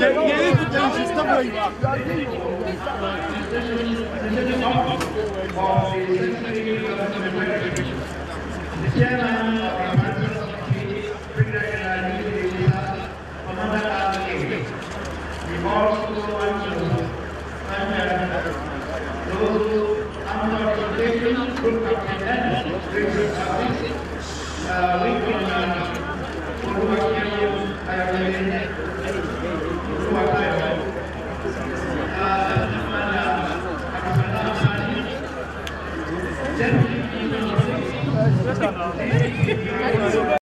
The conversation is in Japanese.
Nie jest tutaj czysta wojna. Uh, we ちょっと待って。